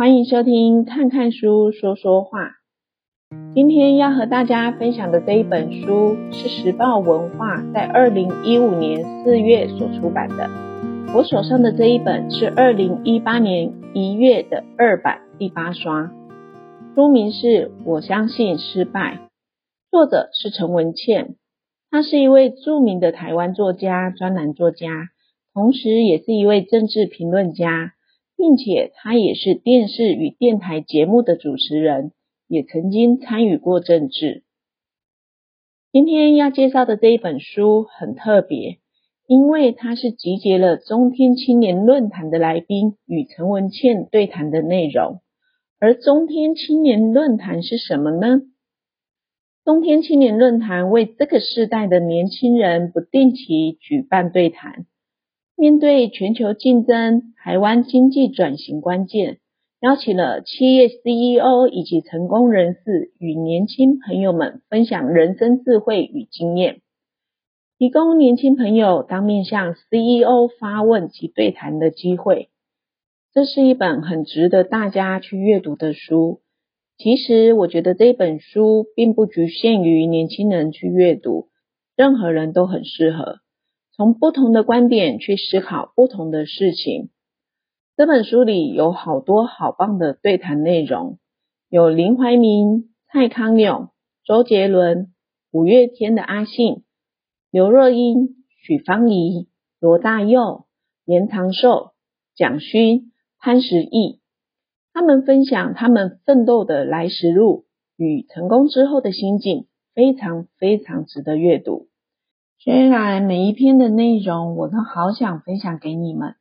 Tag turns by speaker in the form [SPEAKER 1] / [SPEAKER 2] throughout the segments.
[SPEAKER 1] 歡迎收聽《看看書說說話》。今天要和大家分享的這一本書是時報文化在二零一五年四月所出版的。我手上的這一本是二零一八年一月的二版第八刷，書名是《我相信失敗》，作者是陳文茜。她是一位著名的台灣作家、專欄作家，同時也是一位政治評論家。並且他也是電視與電台節目的主持人，也曾經參與過政治。今天要介紹的這一本書很特別，因為它是集結了中天青年論壇的來賓與陳文茜對談的內容。而中天青年論壇是什麼呢？中天青年論壇為這個世代的年輕人不定期舉辦對談。面對全球競爭，台灣經濟轉型關鍵，邀請了企業 CEO 以及成功人士與年輕朋友們分享人生智慧與經驗，提供年輕朋友當面向 CEO 發問及對談的機會。這是一本很值得大家去閱讀的書。其實我覺得這本書並不局限於年輕人去閱讀，任何人都很適合。從不同的觀點去思考不同的事情。這本書裡有好多好棒的對談內容，有林懷民、蔡康永、周杰倫、五月天的阿信、劉若英、許芳宜、羅大佑、嚴長壽、蔣勳、潘石屹，他們分享他們奮鬥的來時路與成功之後的心境，非常非常值得閱讀。雖然每一篇的內容我都好想分享給你們，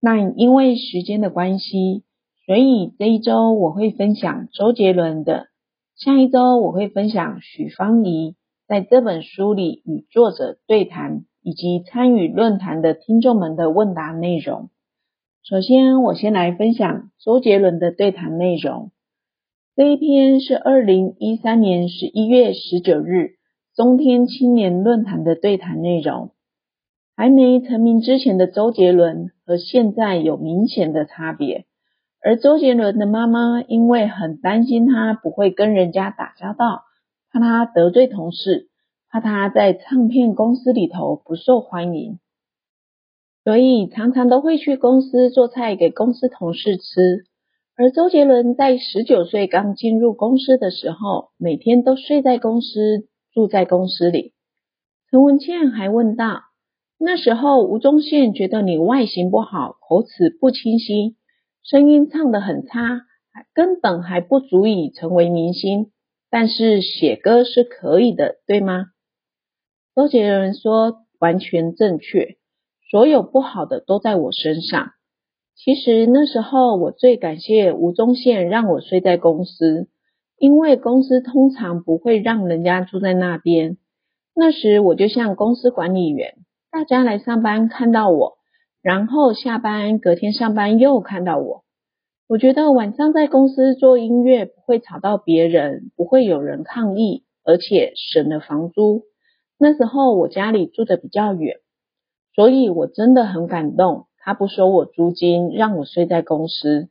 [SPEAKER 1] 但因為時間的關係，所以這一周我會分享周杰倫的。下一周我會分享許芳宜在這本書裡與作者對談，以及參與論壇的聽眾們的問答內容。首先，我先來分享周杰倫的對談內容。這一篇是二零一三年十一月十九日，中天青年論壇的對談內容，還沒成名之前的周杰倫和現在有明顯的差別。而周杰倫的媽媽因為很擔心他不會跟人家打交道，怕他得罪同事，怕他在唱片公司裡頭不受歡迎，所以常常都會去公司做菜給公司同事吃。而周杰倫在十九歲剛進入公司的時候，每天都睡在公司。住在公司裡，陳文茜還問道：“那時候吳宗憲覺得你外型不好，口齒不清晰，聲音唱得很差，根本還不足以成為明星，但是寫歌是可以的，對嗎？”周杰倫說：“完全正確，所有不好的都在我身上。其實那時候我最感謝吳宗憲，讓我睡在公司。”因為公司通常不會讓人家住在那邊。那時我就像公司管理員，大家來上班看到我，然後下班，隔天上班又看到我。我覺得晚上在公司做音樂不會吵到別人，不會有人抗議，而且省了房租。那時候我家裡住得比較遠，所以我真的很感動，他不收我租金，讓我睡在公司。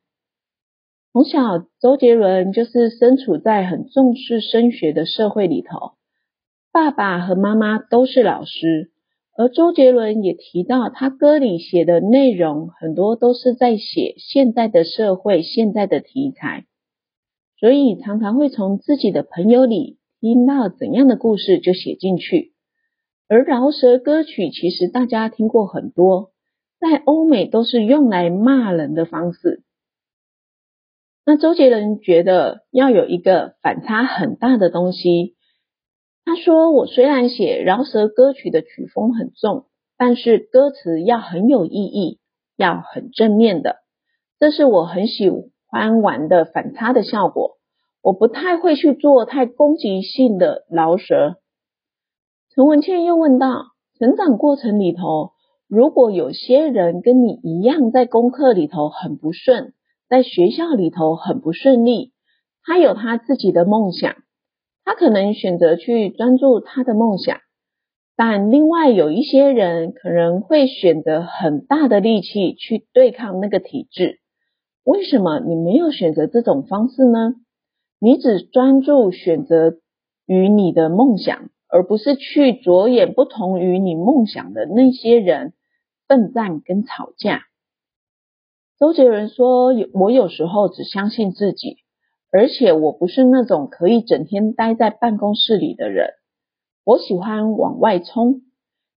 [SPEAKER 1] 從小，周杰倫就是身處在很重視升學的社會裡頭，爸爸和媽媽都是老師，而周杰倫也提到，他歌裡寫的內容很多都是在寫現在的社會、現在的題材，所以常常會從自己的朋友裡聽到怎樣的故事就寫進去。而饒舌歌曲其實大家聽過很多，在歐美都是用來罵人的方式。那周杰倫覺得要有一個反差很大的東西。他說：“我雖然寫饒舌歌曲的曲風很重，但是歌詞要很有意義，要很正面的。這是我很喜歡玩的反差的效果。我不太會去做太攻擊性的饒舌。”陳文茜又問道：“成長過程裡頭，如果有些人跟你一樣在功課裡頭很不順？”在學校裡頭很不順利，他有他自己的夢想，他可能選擇去專注他的夢想，但另外有一些人可能會選擇很大的力氣去對抗那個體制。為什麼你沒有選擇這種方式呢？你只專注選擇與你的夢想，而不是去着眼不同於你夢想的那些人，奮戰跟吵架。周杰倫說：“有我有時候只相信自己，而且我不是那種可以整天待在辦公室裡的人，我喜歡往外衝。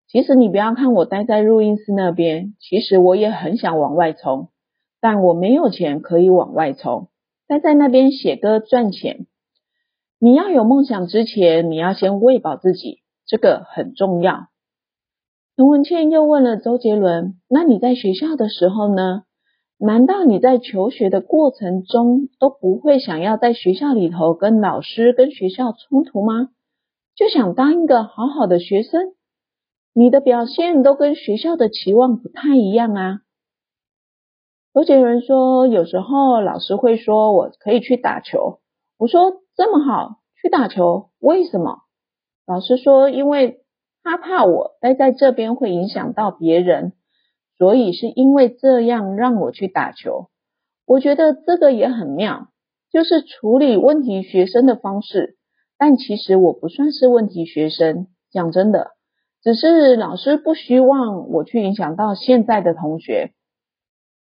[SPEAKER 1] 其實你不要看我待在錄音室那邊，其實我也很想往外衝，但我沒有錢可以往外衝，待在那邊寫歌賺錢。你要有夢想之前，你要先餵飽自己，這個很重要。”陳文茜又問了周杰倫：“那你在學校的時候呢？”難道你在求學的過程中都不會想要在學校裡頭跟老師跟學校衝突嗎？就想當一個好好的學生，你的表現都跟學校的期望不太一樣啊。有些人說，有時候老師會說，我可以去打球。我說這麼好去打球，為什麼？老師說，因為他怕我待在這邊會影響到別人。所以是因為這樣讓我去打球，我覺得這個也很妙，就是處理問題學生的方式。但其實我不算是問題學生，講真的，只是老師不希望我去影響到現在的同學。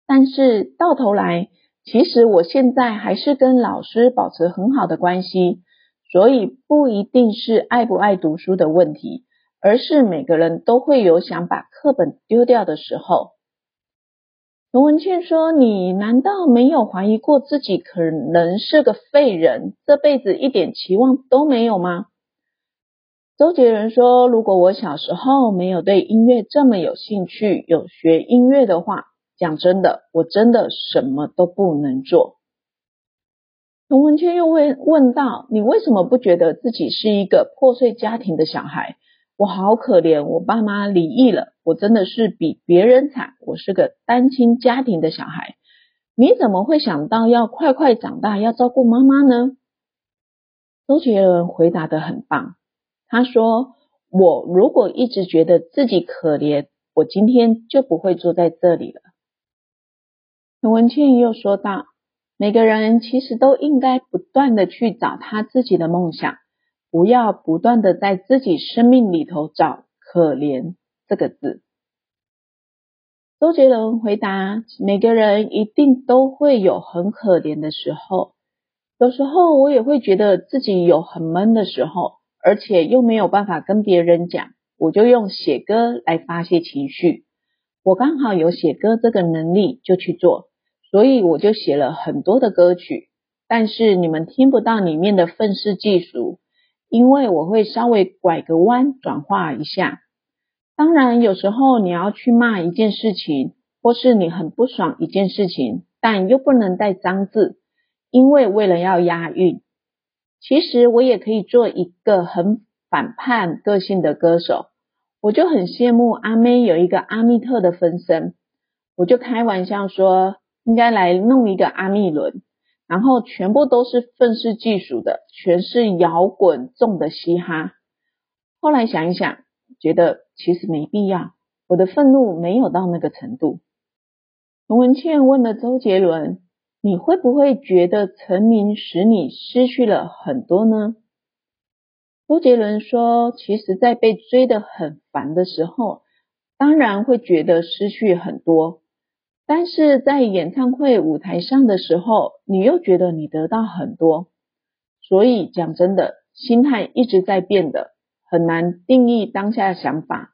[SPEAKER 1] 但是到頭來，其實我現在還是跟老師保持很好的關係，所以不一定是愛不愛讀書的問題。而是每個人都會有想把課本丟掉的時候。陳文茜說：“你難道沒有懷疑過自己可能是個廢人，這輩子一點期望都沒有嗎？”周杰倫說：“如果我小時候沒有對音樂這麼有興趣，有學音樂的話，講真的，我真的什麼都不能做。”陳文茜又問：“問道你為什麼不覺得自己是一個破碎家庭的小孩？”我好可憐，我爸媽離異了，我真的是比別人慘。我是個單親家庭的小孩。你怎麼會想到要快快長大，要照顧媽媽呢？周杰倫回答得很棒，他說：“我如果一直覺得自己可憐，我今天就不會坐在這裡了。”陳文茜又說道，每個人其實都應該不斷地去找他自己的夢想。不要不斷的在自己生命裡頭找可憐這個字。周杰倫回答，每個人一定都會有很可憐的時候，有時候我也會覺得自己有很悶的時候，而且又沒有辦法跟別人講，我就用寫歌來發洩情緒。我剛好有寫歌這個能力，就去做，所以我就寫了很多的歌曲，但是你們聽不到裡面的憤世嫉俗。因為我會稍微拐個彎轉化一下。當然，有時候你要去罵一件事情，或是你很不爽一件事情，但又不能帶髒字，因為為了要押韻。其實我也可以做一個很反叛個性的歌手，我就很羨慕阿妹有一個阿密特的分身，我就開玩笑說，應該來弄一個阿密倫，然後全部都是憤世嫉俗的，全是搖滾重的嘻哈。後來想一想，覺得其實沒必要，我的憤怒沒有到那個程度。陳文茜問了周杰倫：“你會不會覺得成名使你失去了很多呢？”周杰倫說：“其實，在被追得很煩的時候，當然會覺得失去很多。”但是在演唱會舞台上的時候，你又覺得你得到很多，所以講真的，心態一直在變的，很難定義當下的想法。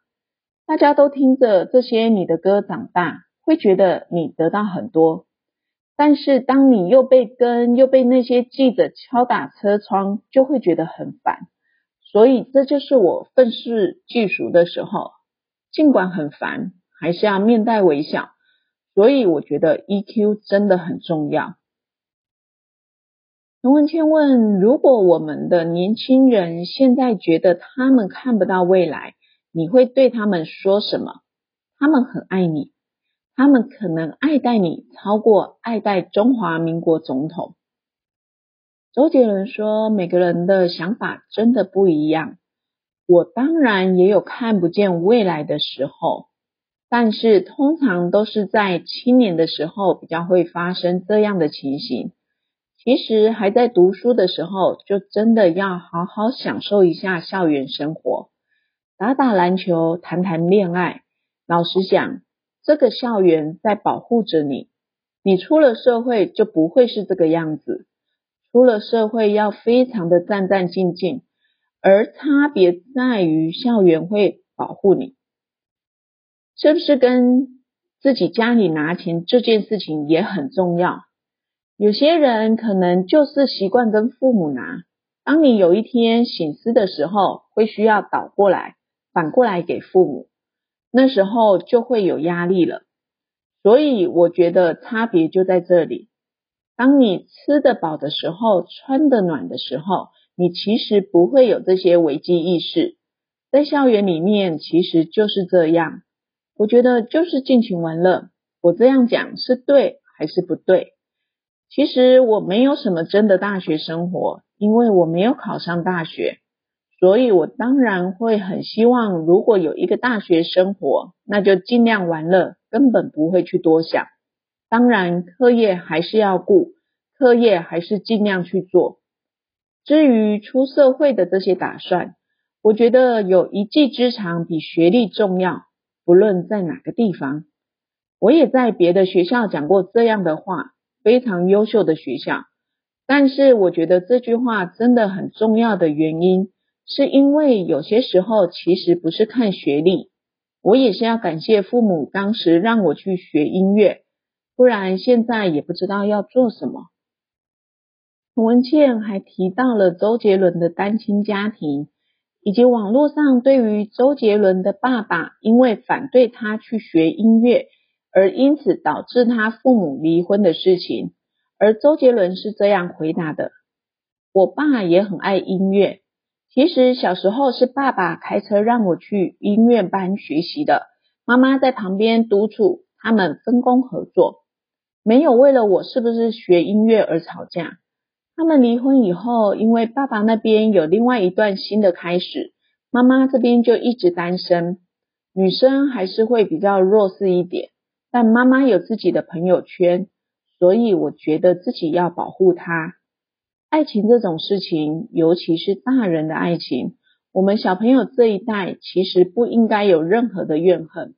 [SPEAKER 1] 大家都聽着這些你的歌長大，會覺得你得到很多。但是當你又被跟，又被那些記者敲打車窗，就會覺得很煩。所以這就是我憤世嫉俗的時候，儘管很煩，還是要面帶微笑。所以我覺得 EQ 真的很重要。陳文茜問：如果我們的年輕人現在覺得他們看不到未來，你會對他們說什麼？他們很愛你，他們可能愛戴你超過愛戴中華民國總統。周杰倫說：每個人的想法真的不一樣。我當然也有看不見未來的時候。但是通常都是在青年的時候比較會發生這樣的情形。其實還在讀書的時候，就真的要好好享受一下校園生活，打打籃球，談談戀愛。老實講，這個校園在保護着你。你出了社會就不會是這個樣子。出了社會要非常的戰戰兢兢，而差別在於校園會保護你。是不是跟自己家裡拿錢這件事情也很重要？有些人可能就是習慣跟父母拿，當你有一天省思的時候，會需要倒過來，反過來給父母，那時候就會有壓力了。所以我覺得差別就在這裡。當你吃得飽的時候，穿得暖的時候，你其實不會有這些危機意識。在校園裡面，其實就是這樣。我覺得就是盡情玩樂。我這樣講是對還是不對？其實我沒有什麼真的大學生活，因為我沒有考上大學，所以我當然會很希望，如果有一個大學生活，那就盡量玩樂，根本不會去多想。當然，課業還是要顧，課業還是盡量去做。至於出社會的這些打算，我覺得有一技之長比學歷重要。無論在哪個地方，我也在別的學校講過這樣的話，非常優秀的學校。但是我覺得這句話真的很重要的原因，是因為有些時候其實不是看學歷。我也是要感謝父母當時讓我去學音樂，不然現在也不知道要做什麼。陳文茜還提到了周杰倫的單親家庭。以及網絡上對於周杰倫的爸爸因為反對他去學音樂，而因此導致他父母離婚的事情，而周杰倫是這樣回答的：我爸也很愛音樂，其實小時候是爸爸開車讓我去音樂班學習的，媽媽在旁邊督促，他們分工合作，沒有為了我是不是學音樂而吵架。他們離婚以後，因為爸爸那邊有另外一段新的開始，媽媽這邊就一直單身。女生還是會比較弱勢一點，但媽媽有自己的朋友圈，所以我覺得自己要保護她。愛情這種事情，尤其是大人的愛情，我們小朋友這一代其實不應該有任何的怨恨。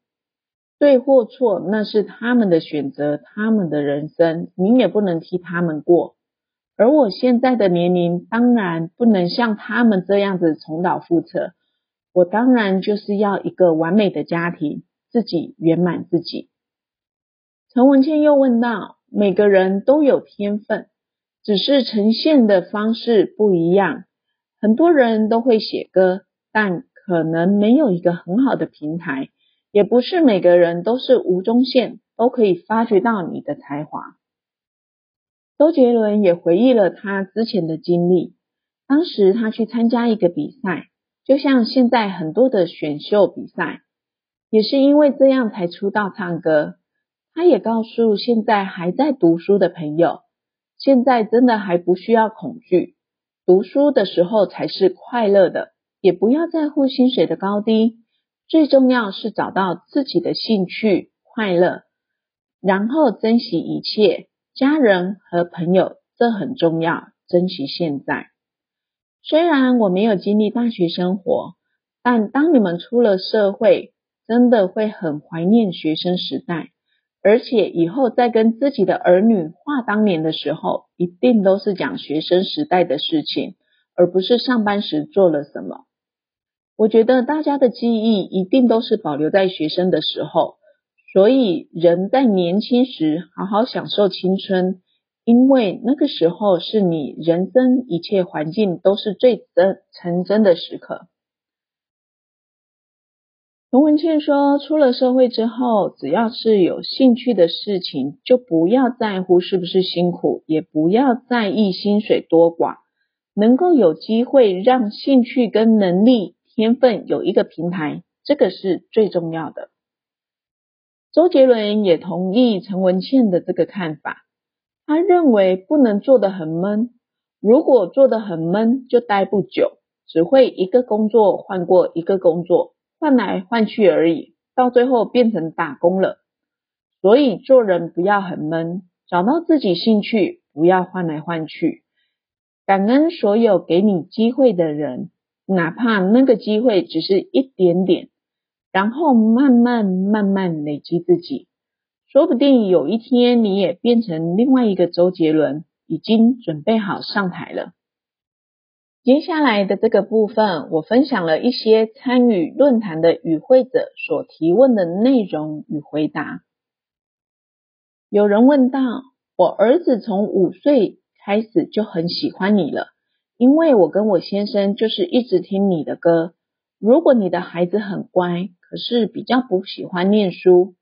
[SPEAKER 1] 對或錯，那是他們的選擇，他們的人生，你也不能替他們過。而我現在的年齡，當然不能像他們這樣子重蹈覆轍。我當然就是要一個完美的家庭，自己圓滿自己。陳文茜又問到：每個人都有天分，只是呈現的方式不一樣。很多人都會寫歌，但可能沒有一個很好的平台。也不是每個人都是吳宗憲，都可以發掘到你的才華。周杰倫也回憶了他之前的經歷，當時他去參加一個比賽，就像現在很多的選秀比賽，也是因為這樣才出道唱歌。他也告訴現在還在讀書的朋友，現在真的還不需要恐懼，讀書的時候才是快樂的，也不要在乎薪水的高低，最重要是找到自己的興趣、快樂，然後珍惜一切，家人和朋友，這很重要，珍惜現在。雖然我沒有經歷大學生活，但當你們出了社會，真的會很懷念學生時代。而且以後在跟自己的兒女話當年的時候，一定都是講學生時代的事情，而不是上班時做了什麼。我覺得大家的記憶一定都是保留在學生的時候。所以，人在年輕時好好享受青春，因為那個時候是你人生一切環境都是最真純真的時刻。陳文茜說，出了社會之後，只要是有興趣的事情，就不要在乎是不是辛苦，也不要在意薪水多寡，能夠有機會讓興趣跟能力、天分有一個平台，這個是最重要的。周杰倫也同意陳文茜的這個看法，他認為不能做得很悶，如果做得很悶，就待不久，只會一個工作換過一個工作，換來換去而已，到最後變成打工了。所以做人不要很悶，找到自己興趣，不要換來換去。感恩所有給你機會的人，哪怕那個機會只是一點點。然後慢慢慢慢累積自己，說不定有一天你也變成另外一個周杰倫，已經準備好上台了。接下來的這個部分，我分享了一些參與論壇的與會者所提問的內容與回答。有人問到：我兒子從五歲開始就很喜歡你了，因為我跟我先生就是一直聽你的歌。如果你的孩子很乖，可是比較不喜歡念書，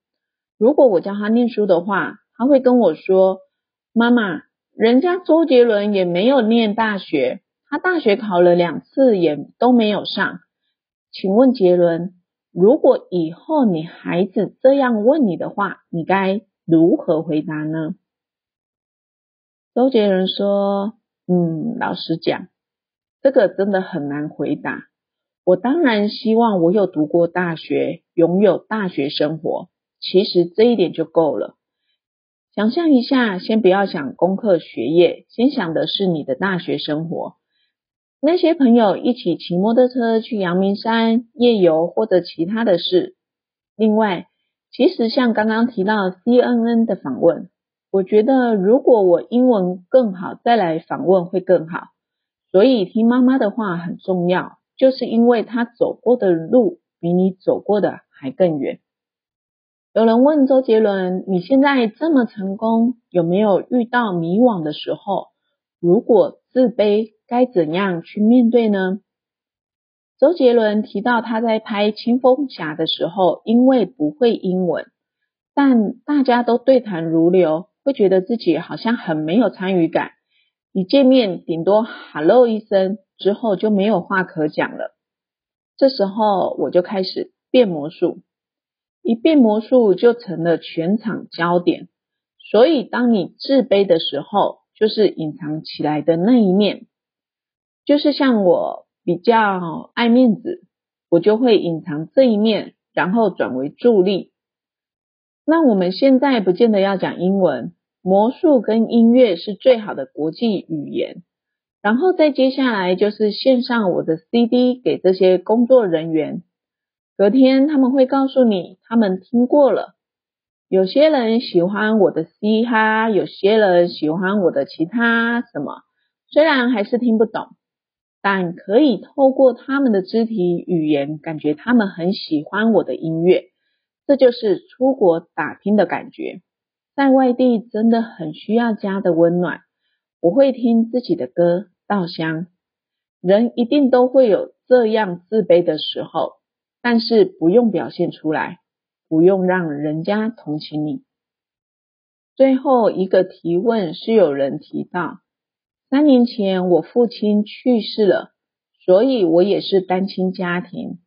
[SPEAKER 1] 如果我叫他念書的話，他會跟我說：「媽媽，人家周杰倫也沒有念大學，他大學考了兩次也都沒有上。」請問杰倫，如果以後你孩子這樣問你的話，你該如何回答呢？周杰倫說：「嗯，老實講，這個真的很難回答。」我當然希望我有讀過大學，擁有大學生活。其實這一點就夠了。想象一下，先不要想功課學業，先想的是你的大學生活。那些朋友一起騎摩托車去陽明山夜遊或者其他的事。另外，其實像剛剛提到 CNN 的訪問，我覺得如果我英文更好再來訪問會更好。所以聽媽媽的話很重要。就是因為他走過的路比你走過的還更遠。有人問周杰倫，你現在這麼成功，有沒有遇到迷惘的時候？如果自卑，該怎樣去面對呢？周杰倫提到他在拍《青蜂俠》的時候，因為不會英文，但大家都對答如流，會覺得自己好像很沒有參與感。一見面，頂多 Hello 一聲，之後就沒有話可講了。這時候我就開始變魔術，一變魔術就成了全場焦點。所以，當你自卑的時候，就是隱藏起來的那一面，就是像我比較愛面子，我就會隱藏這一面，然後轉為助力。那我們現在不見得要講英文。魔術跟音樂是最好的國際語言，然後再接下來就是獻上我的 CD 給這些工作人員，隔天他們會告訴你他們聽過了，有些人喜歡我的嘻哈，有些人喜歡我的其他什麼，雖然還是聽不懂，但可以透過他們的肢體語言，感覺他們很喜歡我的音樂，這就是出國打拼的感覺。在外地真的很需要家的溫暖。我會聽自己的歌《稻香》。人一定都會有這樣自卑的時候，但是不用表現出來，不用讓人家同情你。最後一個提問是有人提到，三年前我父親去世了，所以我也是單親家庭。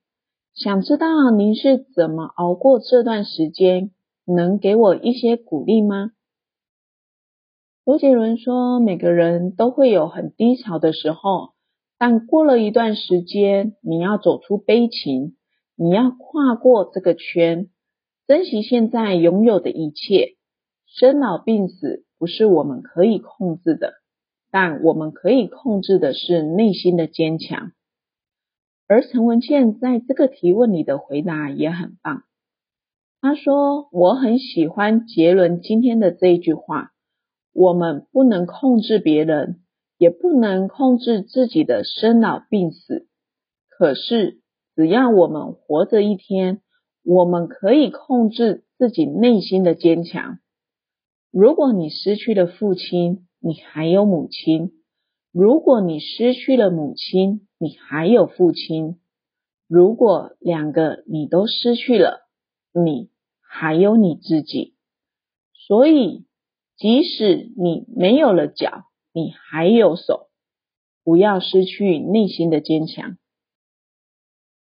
[SPEAKER 1] 想知道您是怎麼熬過這段時間？能給我一些鼓勵嗎？周杰倫說：“每個人都會有很低潮的時候，但過了一段時間，你要走出悲情，你要跨過這個圈，珍惜現在擁有的一切。生老病死不是我們可以控制的，但我們可以控制的是內心的堅強。”而陳文茜在這個提問裡的回答也很棒。他說：“我很喜歡傑倫今天的這一句話。我們不能控制別人，也不能控制自己的生老病死。可是，只要我們活着一天，我們可以控制自己內心的堅強。如果你失去了父親，你還有母親；如果你失去了母親，你還有父親；如果兩個你都失去了，你。”還有你自己，所以即使你沒有了腳，你還有手，不要失去內心的堅強。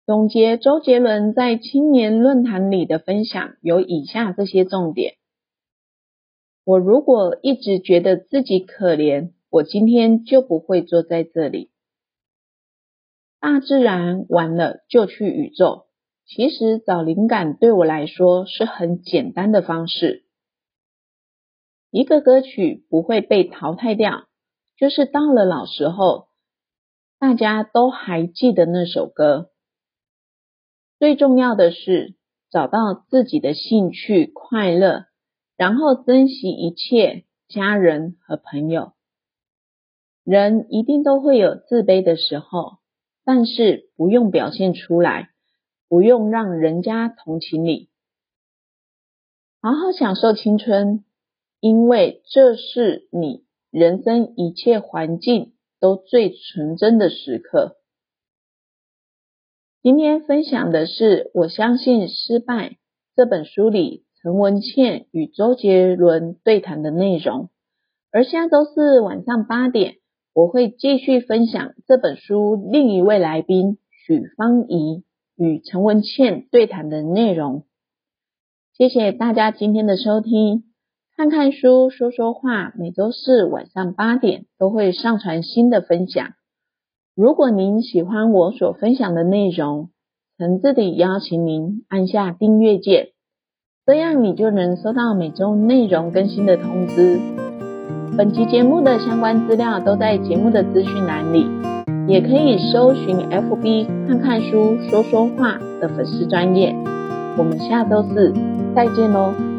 [SPEAKER 1] 總結周杰倫在青年論壇裡的分享有以下這些重點：我如果一直覺得自己可憐，我今天就不會坐在這裡。大自然完了就去宇宙。其實找靈感對我來說是很簡單的方式。一個歌曲不會被淘汰掉，就是到了老時候，大家都還記得那首歌。最重要的是找到自己的興趣、快樂，然後珍惜一切家人和朋友。人一定都會有自卑的時候，但是不用表現出來。不用讓人家同情你，好好享受青春，因為這是你人生一切環境都最純真的時刻。今天分享的是我相信失敗這本書裡陳文茜與周杰倫對談的內容，而下周四晚上八點，我會繼續分享這本書另一位來賓許芳宜。與陳文茜對談的內容。謝謝大家今天的收聽，看看書，說說話。每週四晚上八點都會上傳新的分享。如果您喜歡我所分享的內容，誠摯地邀請您按下訂閱鍵，這樣你就能收到每周內容更新的通知。本期節目的相關資料都在節目的資訊欄裡。也可以搜尋 FB 看看書、說說話的粉絲專頁。我們下周四再見嘍！